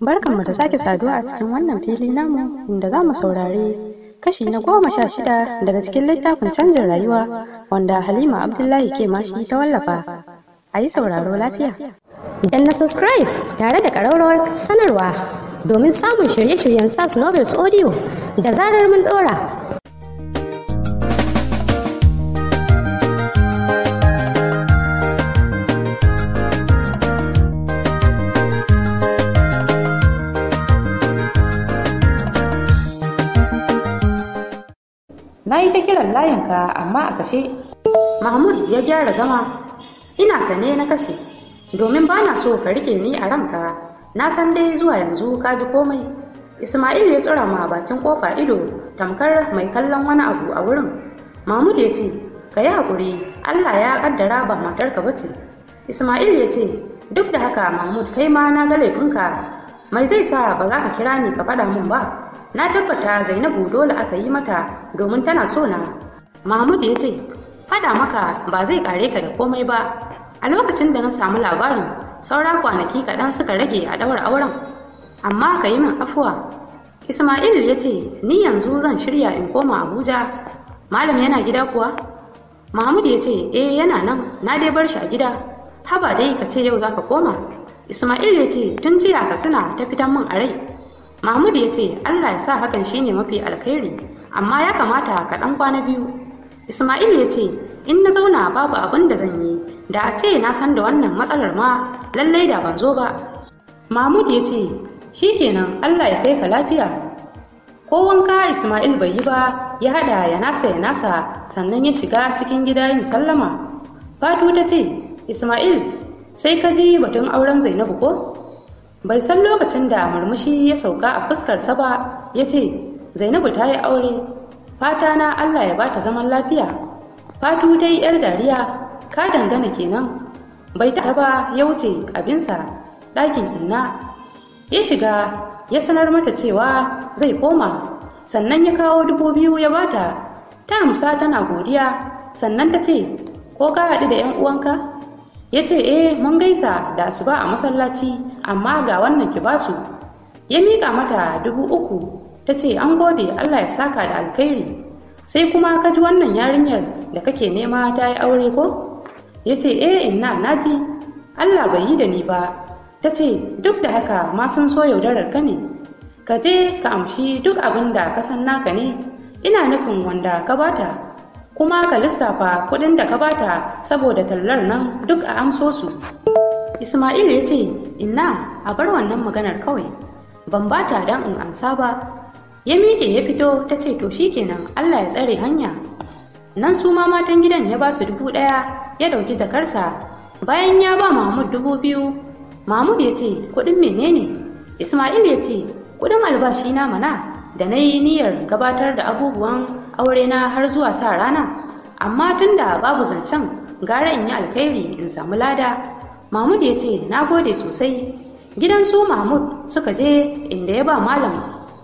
mu da sake saduwa a cikin wannan fili namu inda za mu saurari kashi na goma sha shida daga cikin littafin canjin rayuwa wanda Halima Abdullahi ke mashi ta wallafa. A yi sauraro lafiya. Dan na subscribe tare da ƙararrawar sanarwa domin samun shirye-shiryen SAS Novels Audio da zarar mun ɗora yi ta kiran layinka amma a kashe mahmud ya gyara zama ina sane na kashe domin ba na so ka rike ni a ranka na san dai zuwa yanzu ka ji komai ismail ya tsura ma bakin kofa ido tamkar mai kallon wani abu a wurin mahmud ya ce ka yi haƙuri allah ya ƙaddara ba matarka ba ce ismail ya ce duk da haka mahmud kai ma na ga laifinka mai zai sa ba za ka kira ni ka faɗa min ba na tabbata zainabu dole aka yi mata domin tana so na mahmud ya ce faɗa maka ba zai kare ka da komai ba a lokacin da na samu labarin saura kwanaki kaɗan suka rage a ɗaura auren amma ka yi min afuwa ismail ya ce ni yanzu zan shirya in koma abuja malam yana gida kuwa mahmud ya ce eh yana nan na dai bar shi a gida haba dai ka ce yau zaka koma Ismail ya ce tun jiya ka suna ta fitan min a rai. Mahmud ya ce Allah ya sa hakan shine mafi alkhairi amma ya kamata ka ɗan kwana biyu. Ismail ya ce in na zauna babu abin da zan yi da a ce na san da wannan matsalar ma lallai da ban zo ba. Mahmud ya ce shi kenan Allah ya kai ka lafiya. Ko wanka Ismail bai yi ba ya haɗa ya nasa ya nasa sannan ya shiga cikin gida yin sallama. Fatu ta ce Ismail sai ka ji batun auren zainabu ko bai san lokacin da murmushi ya sauka a fuskarsa ba ya ce zainabu ta yi aure fata na allah ya bata zaman lafiya fatu dai yar dariya ka dangana kenan bai ta ba ya wuce abinsa ɗakin inna ya shiga ya sanar mata cewa zai koma sannan ya kawo dubu biyu ya bata ta amsa tana godiya sannan ta ce ko ka haɗu da 'yan uwanka ya ce eh mun gaisa da asuba a masallaci amma ga wannan ki basu ya miƙa mata dubu uku ta ce an gode allah ya saka da alkhairi sai kuma ka ji wannan yarinyar da kake nema ta yi aure ko ya ce eh inna ji. allah bai yi da ni ba ta ce duk da haka ma sun so yaudarar ka ne ka je ka amshi duk abin da ka san naka ne ina nufin wanda ka bata kuma ka lissafa kuɗin da ka bata saboda tallar nan duk a amso su ismail ya ce "Ina, a bar wannan maganar kawai ban bata don in amsa ba ya miƙe ya fito ta ce to shi kenan allah ya tsare hanya nan su ma matan gidan ya ba su dubu ɗaya ya ɗauki jakarsa bayan ya ba mahmud dubu biyu mahmud ya ce kuɗin menene ismail ya ce kuɗin albashi na mana da na yi niyyar gabatar da abubuwan aure na har zuwa sa rana amma tunda babu zancen gara in yi alkhairi in samu lada mahmud ya ce na gode sosai gidan su mahmud suka je inda ya ba malam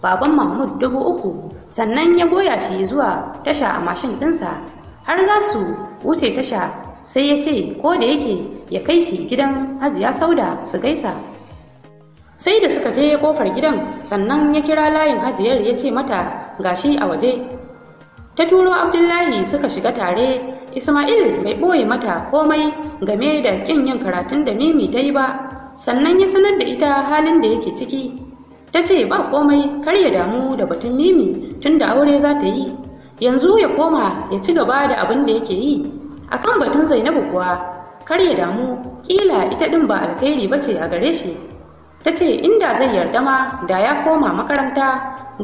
baban mahmud dubu uku sannan ya goya shi zuwa tasha a mashin ɗinsa har za su wuce tasha sai ya ce ko da yake ya kai shi gidan hajiya sauda su gaisa sai da suka je kofar gidan sannan ya kira layin hajiyar ya ce mata gashi a waje ta turo abdullahi suka shiga tare ismail bai ɓoye mata komai game da ƙin yin karatun da mimi ta yi ba sannan ya sanar da ita halin da yake ciki ta ce ba komai kar ya damu da batun mimi tun da aure za ta yi yanzu ya koma ya ci gaba da abin da yake yi A kan batun zainabu kuwa kar ya damu kila ita ɗin ba alkhairi ba ce a gare shi ta ce inda zai yarda ma da ya koma makaranta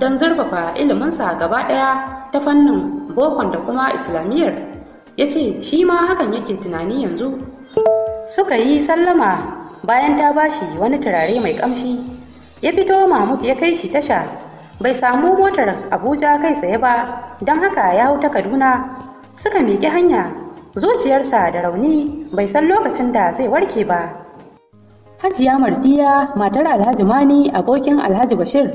don zurfafa iliminsa gaba ɗaya ta fannin bokon da kuma islamiyyar ya ce shi ma hakan yake tunani yanzu suka yi sallama bayan ta bashi wani turare mai kamshi ya fito mahmud ya kai shi tasha bai samu motar abuja kai tsaye ba don haka ya hau ta kaduna suka miƙi hanya zuciyarsa da rauni bai san lokacin da zai warke ba Hajiya Mardiya matar Alhaji Mani abokin Alhaji Bashir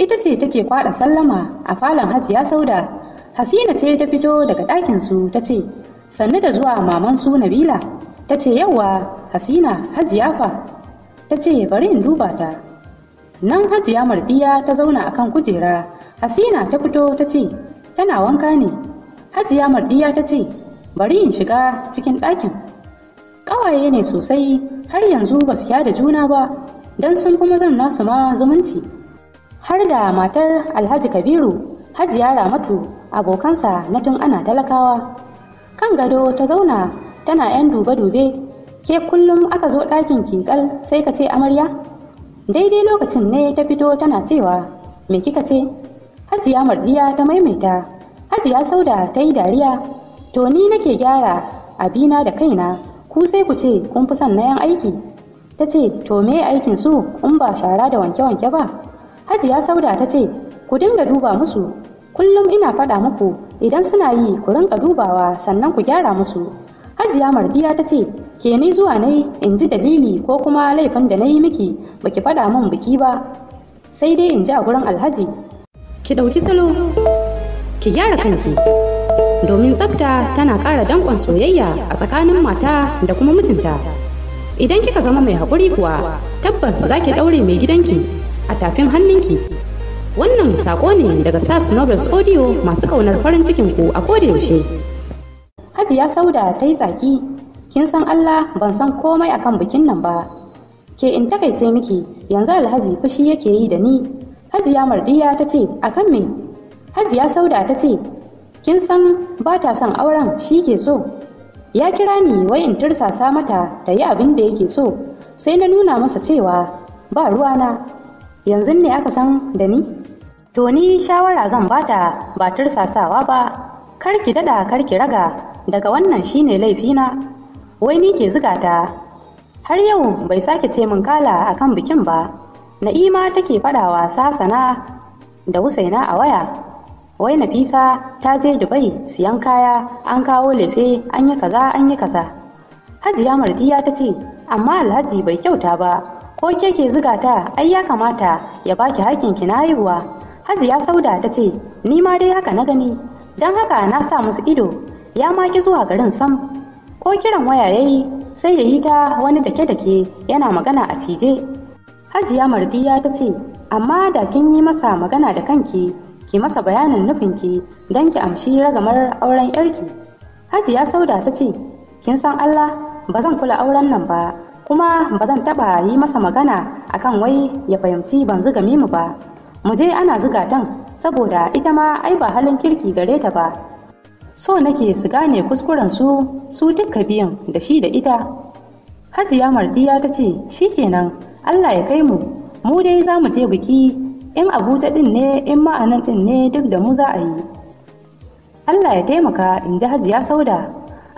ita ce take kwaɗa sallama a falon Hajiya Sauda. Hasina ce ta fito daga ɗakin su ta ce sannu da zuwa maman su Nabila ta ce yauwa Hasina Hajiya fa ta ce bari in duba ta. Nan Hajiya Mardiya ta zauna akan kujera Hasina ta fito ta ce tana wanka ne. Hajiya Mardiya ta ce bari in shiga cikin ɗakin. ƙawaye ne sosai har yanzu ba su da juna ba don sun kuma zan nasu ma zumunci har da matar alhaji kabiru hajiya ramatu abokansa na tun ana talakawa kan gado ta zauna tana 'yan dube-dube ke kullum aka zo ɗakin kinkal sai ka ce amarya daidai lokacin ne ta fito tana cewa me kika ce hajiya mardiya ta maimaita hajiya sauda ta yi dariya to ni nake gyara abina da kaina ku sai ku ce kun fi son na 'yan aiki ta ce to me aikin su in ba shara da wanke-wanke ba hajiya sauda ta ce ku dinga duba musu kullum ina faɗa muku idan suna yi ku rinka dubawa sannan ku gyara musu hajiya mardiya ta ce ke ni zuwa na yi in ji dalili ko kuma laifin da na yi miki baki faɗa min biki ba sai dai in ji a gurin alhaji ki ɗauki salo ki gyara kanki domin tsafta tana ƙara danƙon soyayya a tsakanin mata da kuma mijinta. Idan kika zama mai haƙuri kuwa tabbas za ki ɗaure mai gidanki a tafin hannunki. Wannan saƙo ne daga SAS nobles Audio masu ƙaunar farin cikin ku a yaushe. Hajiya Sauda ta yi tsaki, kin san Allah ban san komai akan bikin nan ba. Ke in takaice miki yanzu Alhaji fushi yake yi da ni. Hajiya Mardiya ta ce akan me? Hajiya Sauda ta ce kin san ba ta son auren shi ke so ya kira ni wai in tursasa mata ta yi abin da yake so sai na nuna masa cewa ba ruwana yanzu ne aka san da ni to ni shawara zan bata ba tursasawa ba kar ki dada kar ki raga daga wannan shine laifina wai ni ke ziga ta har yau bai sake ce min kala a kan bikin ba na'ima take fadawa sasana da husaina a waya wai nafisa ta je dubai siyan kaya an kawo lefe an yi kaza an yi kaza hajiya mardiya ta ce amma alhaji bai kyauta ba ko ke ke ziga ta ai ya kamata ya baki hakkin ki na haihuwa hajiya sauda ta ce ni ma dai haka na gani don haka na sa musu ido ya ma ki zuwa garin sam ko kiran waya yayi sai ya yi ta wani dake-dake yana magana a cije hajiya mardiya ta ce amma da kin yi masa magana da kanki ki masa bayanin nufin ki don ki amshi ragamar auren yarki haji ya sauda ta ce kin san allah ba zan kula auren nan ba kuma ba zan taɓa yi masa magana a kan wai ya fahimci ban zuga mimu ba mu je ana zuga tan, saboda ita ma ai ba halin kirki gare ta ba so nake su gane kuskuren su su dukka biyan da shi da ita hajiya mardiya ta ce kenan, allah ya kai mu mu dai za mu je biki in abuja din ne in ma'anan din ne duk da mu za a yi allah ya taimaka in ji hajiya sauda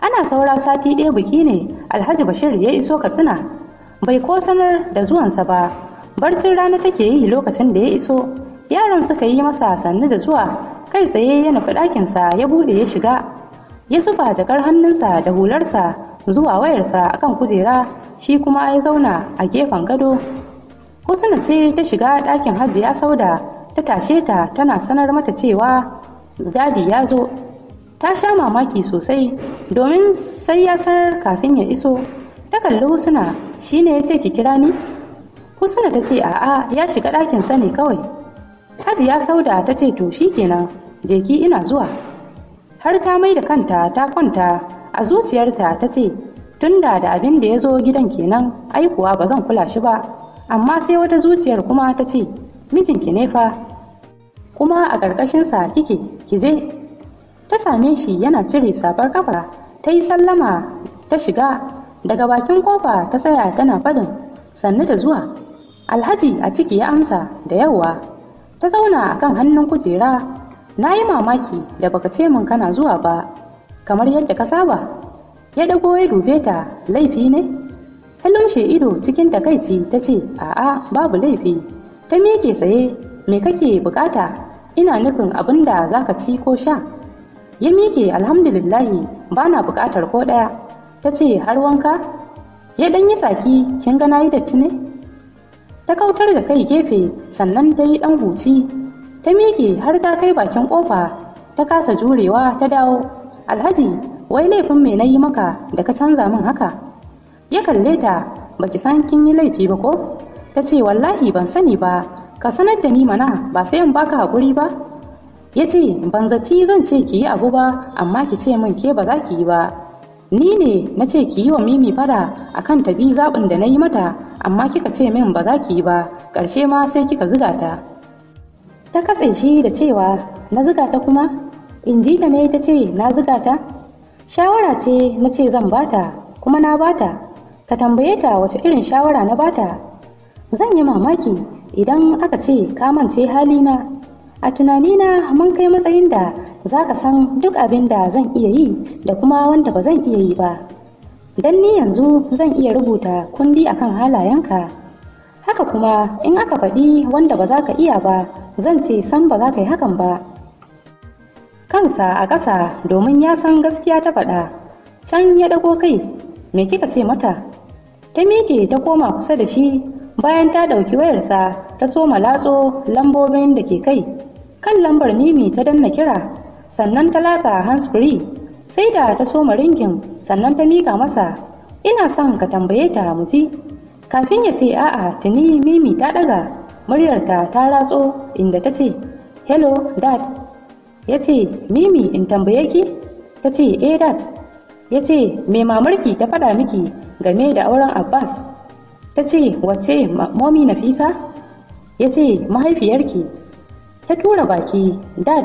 ana saura sati ɗaya biki ne alhaji bashir ya iso katsina bai ko sanar da zuwansa ba barcin rana take yi lokacin da ya iso Yaron suka yi masa sannu da zuwa kai tsaye ya nufi ɗakinsa ya bude ya shiga ya zuba jakar hannunsa da hularsa zuwa wayarsa akan kujera shi kuma ya zauna a gefen gado husna ce ta shiga ɗakin hajiya sauda ta tashe ta tana sanar mata cewa zadi ya zo ta sha mamaki sosai domin sai ya sanar kafin ya iso ta kalli husna shine ya ce ki kira ni husna ta ce a'a ya shiga ɗakin sa ne kawai hajiya sauda ta ce to shi kenan, jeki ina zuwa har ta mai da kanta ta kwanta a zuciyarta ta ce tunda da abin da ya zo gidan kenan aikuwa ba zan kula shi ba amma sai wata zuciyar kuma ta ce mijinki ne fa kuma a ƙarƙashinsa kike kije? ta same shi yana cire safar kafa ta yi sallama ta shiga daga bakin kofa ta tsaya tana fadin sannu da zuwa alhaji a ciki ya amsa da yawa ta zauna a kan hannun kujera na yi mamaki da baka ce min kana zuwa ba kamar yadda ka saba ya ɗago ya dube ta laifi ne ta lumshe ido cikin takaici ta ce a'a babu laifi ta miƙe tsaye me kake bukata ina nufin abin da za ka ci ko sha ya miƙe alhamdulillahi ba na bukatar ko ɗaya ta ce har wanka ya ɗan yi tsaki kin gana yi datti ne ta kautar da kai gefe sannan ta yi ɗan huci ta miƙe har ta kai bakin ƙofa ta kasa jurewa ta dawo alhaji wai laifin me na yi maka da ka canza min haka ya kalle ta baki san kin yi laifi ba ko ta ce wallahi ban sani ba ka sanar da ni mana ba sai in baka hakuri ba ya ce ban zaci zan ce ki yi abu ba amma ki ce min ke ba za ki yi ba ni ne na ce ki yi wa mimi fada akan ta bi zaɓin da na yi mata amma kika ce min ba za ki yi ba ƙarshe ma sai kika ziga ta ta katse shi da cewa na ziga ta kuma in ji ta ne ta ce na ziga ta shawara ce na ce zan bata kuma na bata ka tambaye ta wace irin shawara na bata zan yi mamaki idan aka ce ka mance halina a tunanina mun kai matsayin da za ka san duk abin da zan iya yi da kuma wanda ba zan iya yi ba don ni yanzu zan iya rubuta kundi akan halayenka haka kuma in aka faɗi wanda ba za ka iya ba zan ce san ba za ka yi hakan ba kansa a ƙasa domin ya san gaskiya ta faɗa can ya ɗago kai me kika ce mata ta miƙe ta koma kusa da shi bayan ta ɗauki wayarsa ta soma latso lambobin da ke kai kan lambar mimi ta danna kira sannan ta latsa hands free sai da ta soma ringin sannan ta miƙa masa ina son ka tambaye ta muji kafin ya ce a'a tuni mimi ta ɗaga muryarta ta ratso inda ta ce hello dad ya ce mimi in tambaye ki ta ce eh dad ya ce me mamarki ta faɗa miki game da auren Abbas. Ta ce, wace momi Nafisa? Ya ce, mahaifiyarki. Ta tura baki, dad,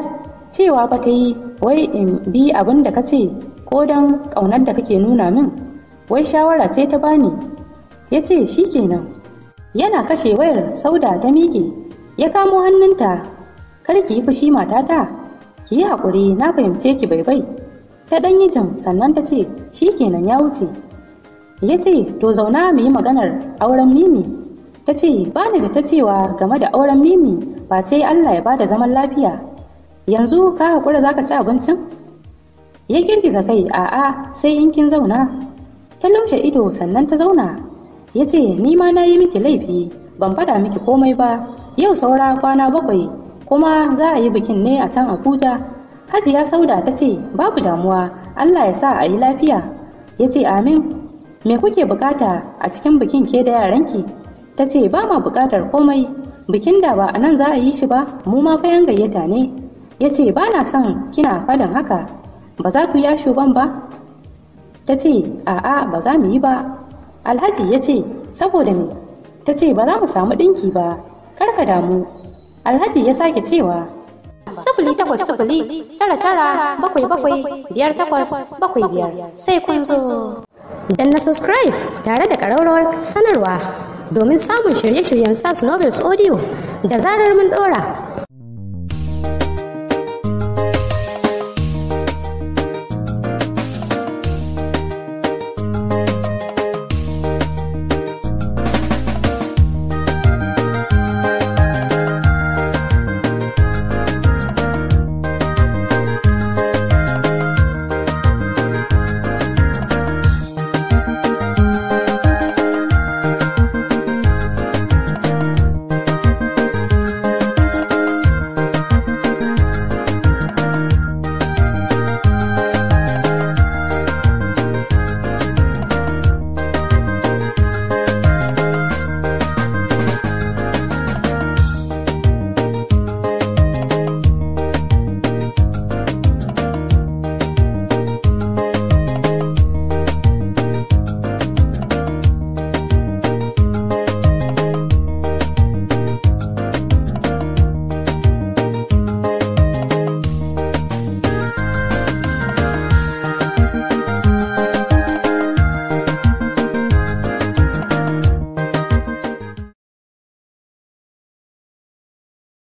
cewa ba ta yi wai in bi abin da ka ce ko don ƙaunar da kake nuna min, wai shawara ce ta bani. Ya ce, shi kenan. Yana kashe wayar sauda ta miƙe, ya kamo hannunta, kar ki yi fushi matata, ki yi haƙuri na fahimce ki bai bai. Ta ɗan yi jam sannan ta ce, shi kenan ya wuce. ya ce to zauna mu yi maganar auren mimi ta ce ba ni da ta cewa game da auren mimi ba ce allah ya bada zaman lafiya yanzu ka haƙura za ka ci abincin ya girgiza kai a'a sai in kin zauna ta lumshe ido sannan ta zauna ya ce ni ma na yi miki laifi ban faɗa miki komai ba yau saura kwana bakwai kuma za a yi bikin ne a can abuja hajiya sauda ta ce babu damuwa allah ya sa a yi lafiya ya ce amin me kuke bukata a cikin bikin ke da yaranki ta ce ba ma bukatar komai bikin da ba a nan za a yi shi ba mu ma fayan gayyata ne ya ce ba na son kina fadin haka ba za ku ya ban ba ta ce a'a ba za mu yi ba alhaji ya ce saboda me ta ce ba za mu samu ɗinki ba kar ka damu alhaji ya sake cewa sifili takwas sifili tara tara bakwai bakwai biyar takwas bakwai biyar sai kun zo dan na subscribe tare da ƙararrawar sanarwa domin samun shirye-shiryen SAS Novels Audio da zarar mun ɗora